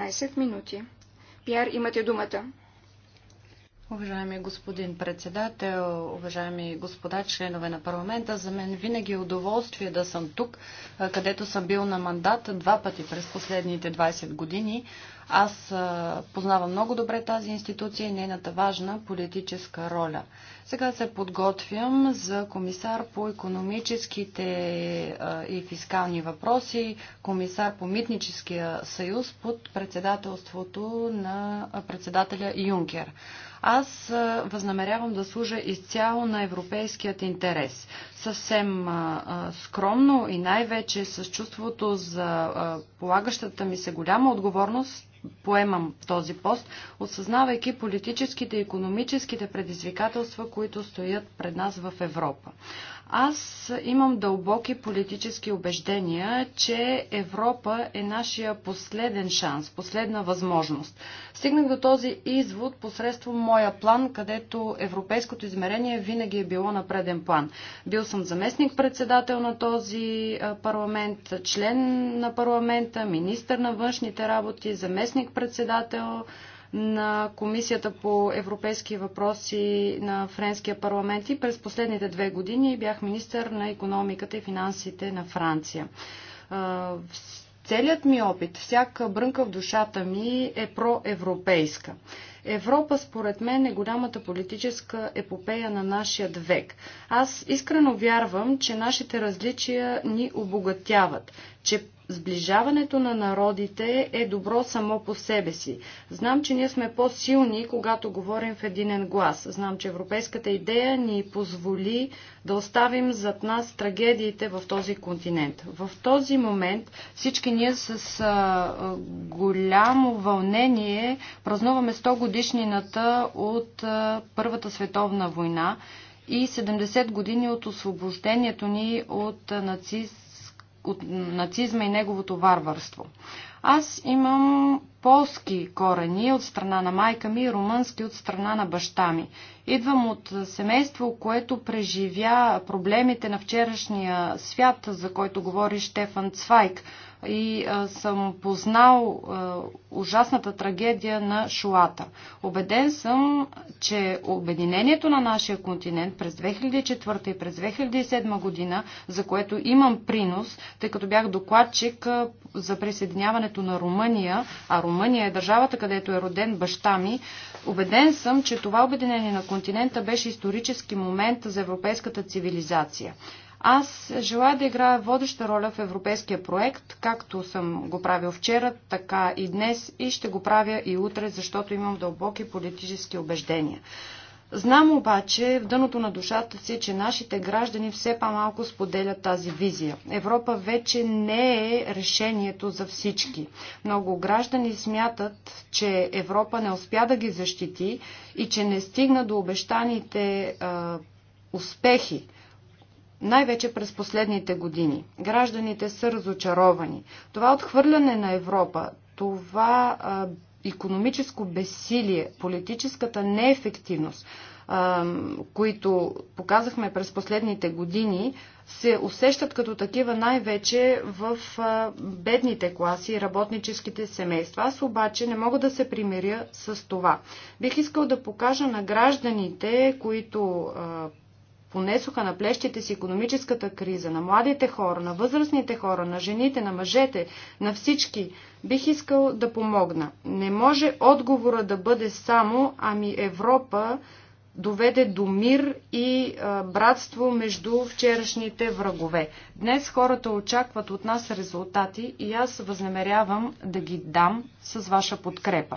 15 минути. Пиар, имате думата. Уважаеми господин председател, уважаеми господа членове на парламента, за мен винаги е удоволствие да съм тук, където съм бил на мандат два пъти през последните 20 години. Аз познавам много добре тази институция и нейната важна политическа роля. Сега се подготвям за комисар по економическите и фискални въпроси, комисар по митническия съюз под председателството на председателя Юнкер. Аз възнамерявам да служа изцяло на европейският интерес. Съвсем скромно и най-вече с чувството за полагащата ми се голяма отговорност поемам този пост, осъзнавайки политическите и економическите предизвикателства, които стоят пред нас в Европа. Аз имам дълбоки политически убеждения, че Европа е нашия последен шанс, последна възможност. Стигнах до този извод посредством моя план, където европейското измерение винаги е било на преден план. Бил съм заместник-председател на този парламент, член на парламента, министър на външните работи, заместник-председател на Комисията по европейски въпроси на Френския парламент и през последните две години бях министър на економиката и финансите на Франция. Целият ми опит, всяка брънка в душата ми е проевропейска. Европа, според мен, е голямата политическа епопея на нашия век. Аз искрено вярвам, че нашите различия ни обогатяват, че Сближаването на народите е добро само по себе си. Знам, че ние сме по-силни, когато говорим в единен глас. Знам, че европейската идея ни позволи да оставим зад нас трагедиите в този континент. В този момент всички ние с а, голямо вълнение празнуваме 100 години годишнината от Първата световна война и 70 години от освобождението ни от, нациз, от нацизма и неговото варварство. Аз имам полски корени от страна на майка ми и румънски от страна на баща ми. Идвам от семейство, което преживя проблемите на вчерашния свят, за който говори Штефан Цвайк и а, съм познал а, ужасната трагедия на Шуата. Обеден съм, че обединението на нашия континент през 2004 и през 2007 година, за което имам принос, тъй като бях докладчик а, за присъединяването на Румъния, а Румъния е държавата, където е роден баща ми, Обеден съм, че това обединение на континента беше исторически момент за европейската цивилизация. Аз желая да играя водеща роля в европейския проект, както съм го правил вчера, така и днес и ще го правя и утре, защото имам дълбоки политически убеждения. Знам обаче в дъното на душата си, че нашите граждани все по-малко споделят тази визия. Европа вече не е решението за всички. Много граждани смятат, че Европа не успя да ги защити и че не стигна до обещаните а, успехи най-вече през последните години. Гражданите са разочаровани. Това отхвърляне на Европа, това а, економическо безсилие, политическата неефективност, а, които показахме през последните години, се усещат като такива най-вече в а, бедните класи и работническите семейства. Аз обаче не мога да се примиря с това. Бих искал да покажа на гражданите, които а, понесоха на плещите си економическата криза, на младите хора, на възрастните хора, на жените, на мъжете, на всички. Бих искал да помогна. Не може отговора да бъде само, ами Европа доведе до мир и а, братство между вчерашните врагове. Днес хората очакват от нас резултати и аз възнамерявам да ги дам с ваша подкрепа.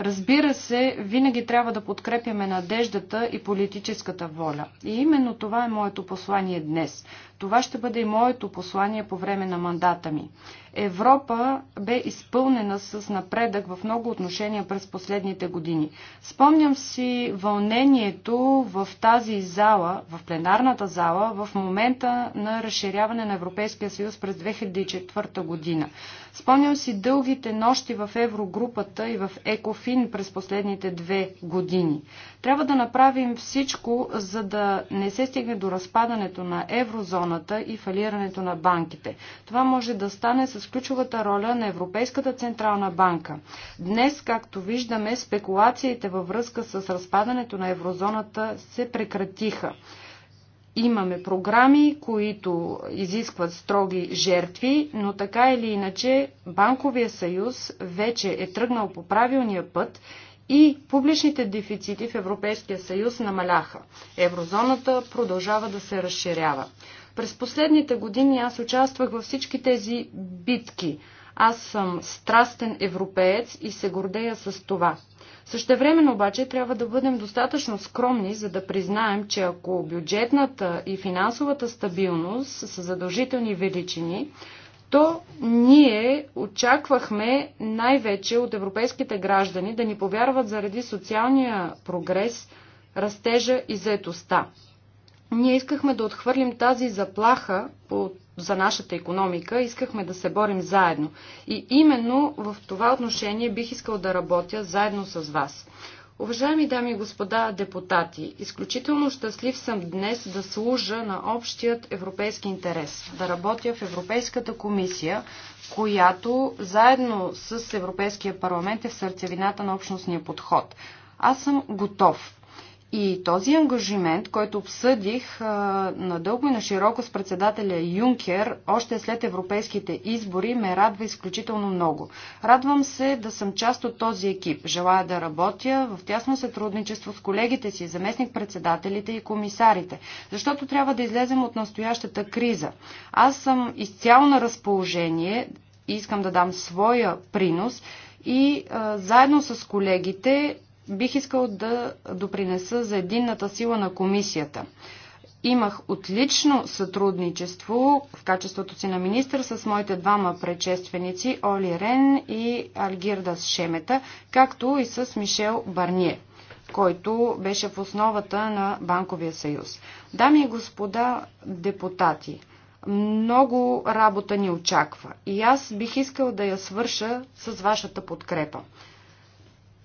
Разбира се, винаги трябва да подкрепяме надеждата и политическата воля. И именно това е моето послание днес. Това ще бъде и моето послание по време на мандата ми. Европа бе изпълнена с напредък в много отношения през последните години. Спомням си вълнението в тази зала, в пленарната зала, в момента на разширяване на Европейския съюз през 2004 година. Спомням си дългите нощи в Еврогрупата и в Екофи Екофин през последните две години. Трябва да направим всичко, за да не се стигне до разпадането на еврозоната и фалирането на банките. Това може да стане с ключовата роля на Европейската централна банка. Днес, както виждаме, спекулациите във връзка с разпадането на еврозоната се прекратиха имаме програми, които изискват строги жертви, но така или иначе банковия съюз вече е тръгнал по правилния път и публичните дефицити в Европейския съюз намаляха. Еврозоната продължава да се разширява. През последните години аз участвах във всички тези битки – аз съм страстен европеец и се гордея с това. Същевременно обаче трябва да бъдем достатъчно скромни, за да признаем, че ако бюджетната и финансовата стабилност са задължителни величини, то ние очаквахме най-вече от европейските граждани да ни повярват заради социалния прогрес, растежа и заетостта. Ние искахме да отхвърлим тази заплаха по, за нашата економика, искахме да се борим заедно. И именно в това отношение бих искал да работя заедно с вас. Уважаеми дами и господа депутати, изключително щастлив съм днес да служа на общият европейски интерес, да работя в Европейската комисия, която заедно с Европейския парламент е в сърцевината на общностния подход. Аз съм готов. И този ангажимент, който обсъдих надълго и на широко с председателя Юнкер, още след европейските избори, ме радва изключително много. Радвам се да съм част от този екип. Желая да работя в тясно сътрудничество с колегите си, заместник-председателите и комисарите, защото трябва да излезем от настоящата криза. Аз съм изцяло на разположение и искам да дам своя принос и а, заедно с колегите бих искал да допринеса за единната сила на комисията. Имах отлично сътрудничество в качеството си на министр с моите двама предшественици Оли Рен и Алгирдас Шемета, както и с Мишел Барние който беше в основата на Банковия съюз. Дами и господа депутати, много работа ни очаква и аз бих искал да я свърша с вашата подкрепа.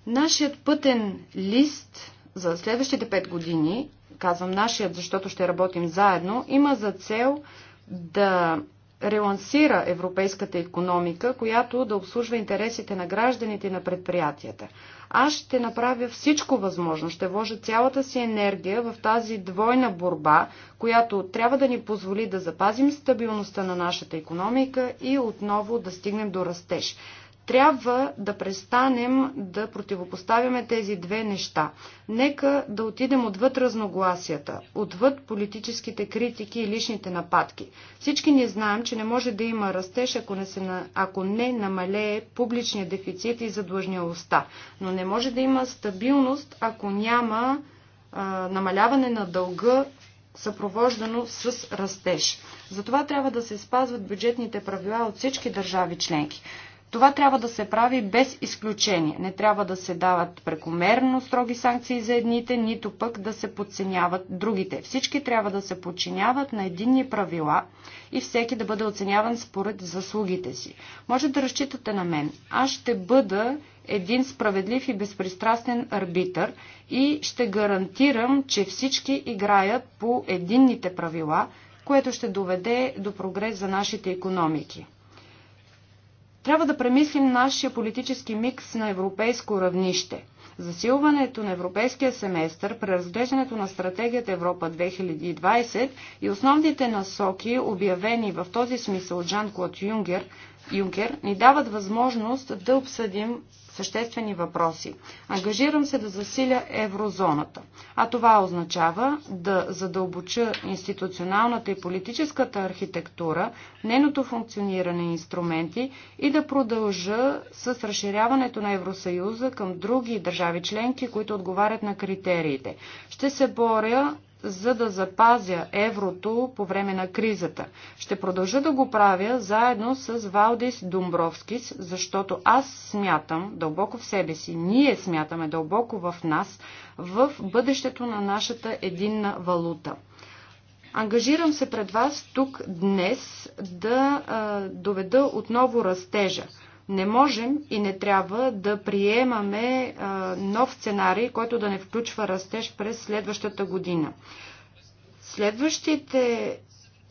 Нашият пътен лист за следващите 5 години, казвам нашият, защото ще работим заедно, има за цел да релансира европейската економика, която да обслужва интересите на гражданите и на предприятията. Аз ще направя всичко възможно, ще вложа цялата си енергия в тази двойна борба, която трябва да ни позволи да запазим стабилността на нашата економика и отново да стигнем до растеж трябва да престанем да противопоставяме тези две неща. Нека да отидем отвъд разногласията, отвъд политическите критики и личните нападки. Всички ние знаем, че не може да има растеж, ако не, се, ако не намалее публичния дефицит и задлъжнялостта. Но не може да има стабилност, ако няма а, намаляване на дълга съпровождано с растеж. Затова трябва да се спазват бюджетните правила от всички държави членки. Това трябва да се прави без изключение. Не трябва да се дават прекомерно строги санкции за едните, нито пък да се подценяват другите. Всички трябва да се подчиняват на единни правила и всеки да бъде оценяван според заслугите си. Може да разчитате на мен. Аз ще бъда един справедлив и безпристрастен арбитър и ще гарантирам, че всички играят по единните правила, което ще доведе до прогрес за нашите економики. Трябва да премислим нашия политически микс на европейско равнище. Засилването на европейския семестър, преразглеждането на стратегията Европа 2020 и основните насоки, обявени в този смисъл от Жан-Клод Юнгер, Юнкер ни дават възможност да обсъдим съществени въпроси. Ангажирам се да засиля еврозоната, а това означава да задълбоча институционалната и политическата архитектура, нейното функциониране и инструменти и да продължа с разширяването на Евросъюза към други държави членки, които отговарят на критериите. Ще се боря за да запазя еврото по време на кризата. Ще продължа да го правя заедно с Валдис Думбровскис, защото аз смятам дълбоко в себе си, ние смятаме дълбоко в нас, в бъдещето на нашата единна валута. Ангажирам се пред вас тук днес да а, доведа отново растежа. Не можем и не трябва да приемаме нов сценарий, който да не включва растеж през следващата година. Следващите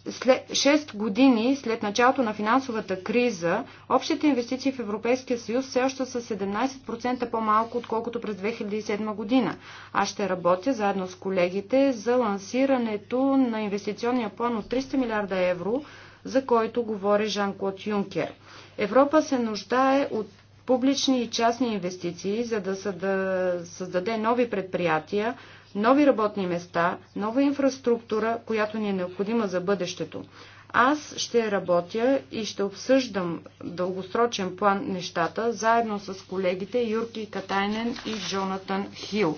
6 години след началото на финансовата криза, общите инвестиции в Европейския съюз все още са 17% по-малко, отколкото през 2007 година. Аз ще работя заедно с колегите за лансирането на инвестиционния план от 300 милиарда евро, за който говори Жан-Клод Юнкер. Европа се нуждае от публични и частни инвестиции, за да създаде нови предприятия, нови работни места, нова инфраструктура, която ни е необходима за бъдещето. Аз ще работя и ще обсъждам дългосрочен план нещата, заедно с колегите Юрки Катайнен и Джонатан Хил.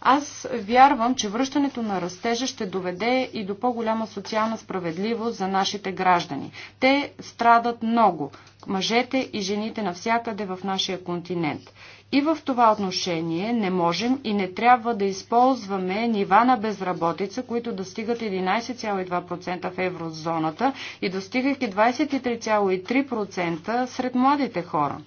Аз вярвам, че връщането на растежа ще доведе и до по-голяма социална справедливост за нашите граждани. Те страдат много мъжете и жените навсякъде в нашия континент. И в това отношение не можем и не трябва да използваме нива на безработица, които достигат 11,2% в еврозоната и достигайки 23,3% сред младите хора.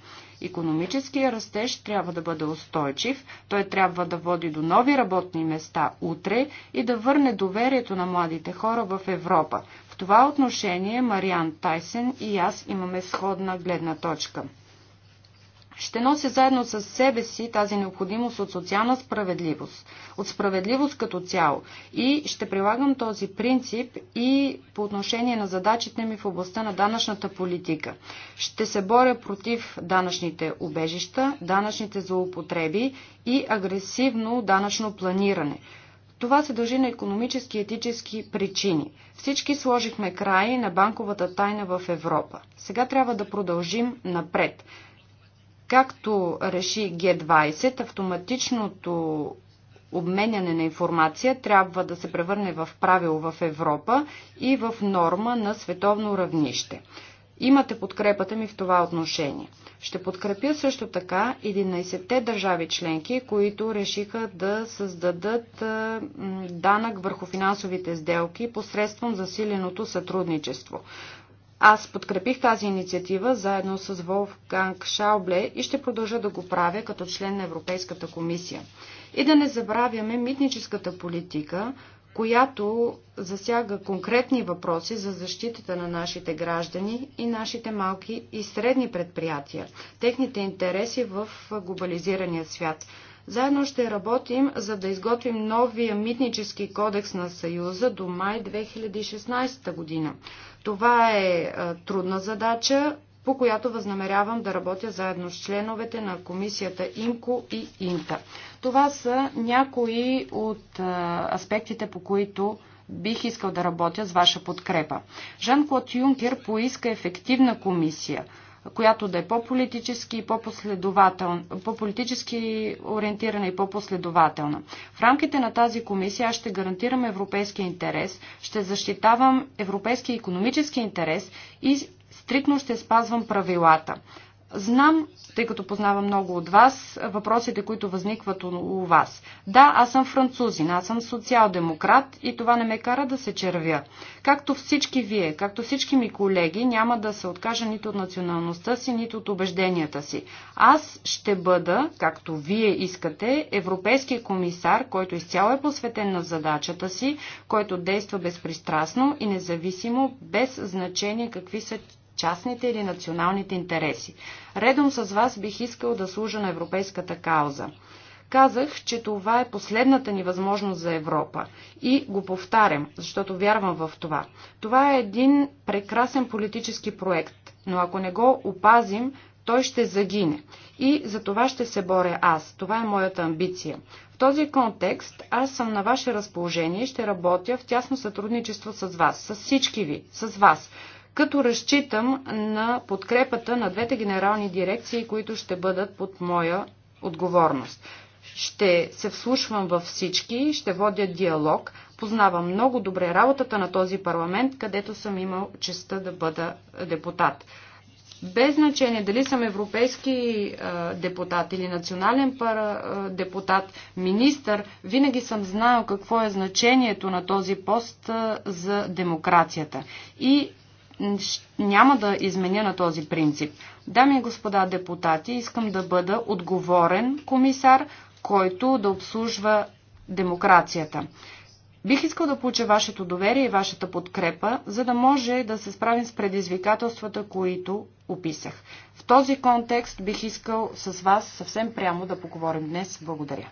Економическия растеж трябва да бъде устойчив, той трябва да води до нови работни места утре и да върне доверието на младите хора в Европа. В това отношение Мариан Тайсен и аз имаме сходна гледна точка ще нося заедно с себе си тази необходимост от социална справедливост, от справедливост като цяло и ще прилагам този принцип и по отношение на задачите ми в областта на данъчната политика. Ще се боря против данъчните убежища, данъчните злоупотреби и агресивно данъчно планиране. Това се дължи на економически и етически причини. Всички сложихме край на банковата тайна в Европа. Сега трябва да продължим напред. Както реши Г20, автоматичното обменяне на информация трябва да се превърне в правило в Европа и в норма на световно равнище. Имате подкрепата ми в това отношение. Ще подкрепя също така 11-те държави членки, които решиха да създадат данък върху финансовите сделки посредством засиленото сътрудничество. Аз подкрепих тази инициатива заедно с Волфганг Шаубле и ще продължа да го правя като член на Европейската комисия. И да не забравяме митническата политика, която засяга конкретни въпроси за защитата на нашите граждани и нашите малки и средни предприятия, техните интереси в глобализирания свят. Заедно ще работим, за да изготвим новия митнически кодекс на Съюза до май 2016 година. Това е, е трудна задача, по която възнамерявам да работя заедно с членовете на комисията ИМКО и ИНТА. Това са някои от е, аспектите, по които бих искал да работя с ваша подкрепа. Жан-Клод Юнкер поиска ефективна комисия – която да е по-политически, и по-политически по ориентирана и по-последователна. В рамките на тази комисия аз ще гарантирам европейския интерес, ще защитавам европейския економически интерес и стрикно ще спазвам правилата. Знам, тъй като познавам много от вас, въпросите, които възникват у вас. Да, аз съм французин, аз съм социал-демократ и това не ме кара да се червя. Както всички вие, както всички ми колеги, няма да се откажа нито от националността си, нито от убежденията си. Аз ще бъда, както вие искате, европейски комисар, който изцяло е посветен на задачата си, който действа безпристрастно и независимо, без значение какви са частните или националните интереси. Редом с вас бих искал да служа на европейската кауза. Казах, че това е последната ни възможност за Европа. И го повтарям, защото вярвам в това. Това е един прекрасен политически проект, но ако не го опазим, той ще загине. И за това ще се боря аз. Това е моята амбиция. В този контекст аз съм на ваше разположение и ще работя в тясно сътрудничество с вас, с всички ви, с вас като разчитам на подкрепата на двете генерални дирекции, които ще бъдат под моя отговорност. Ще се вслушвам във всички, ще водя диалог. Познавам много добре работата на този парламент, където съм имал честа да бъда депутат. Без значение дали съм европейски депутат или национален депутат, министър, винаги съм знаел какво е значението на този пост за демокрацията. И няма да изменя на този принцип. Дами и господа депутати, искам да бъда отговорен комисар, който да обслужва демокрацията. Бих искал да получа вашето доверие и вашата подкрепа, за да може да се справим с предизвикателствата, които описах. В този контекст бих искал с вас съвсем прямо да поговорим днес. Благодаря.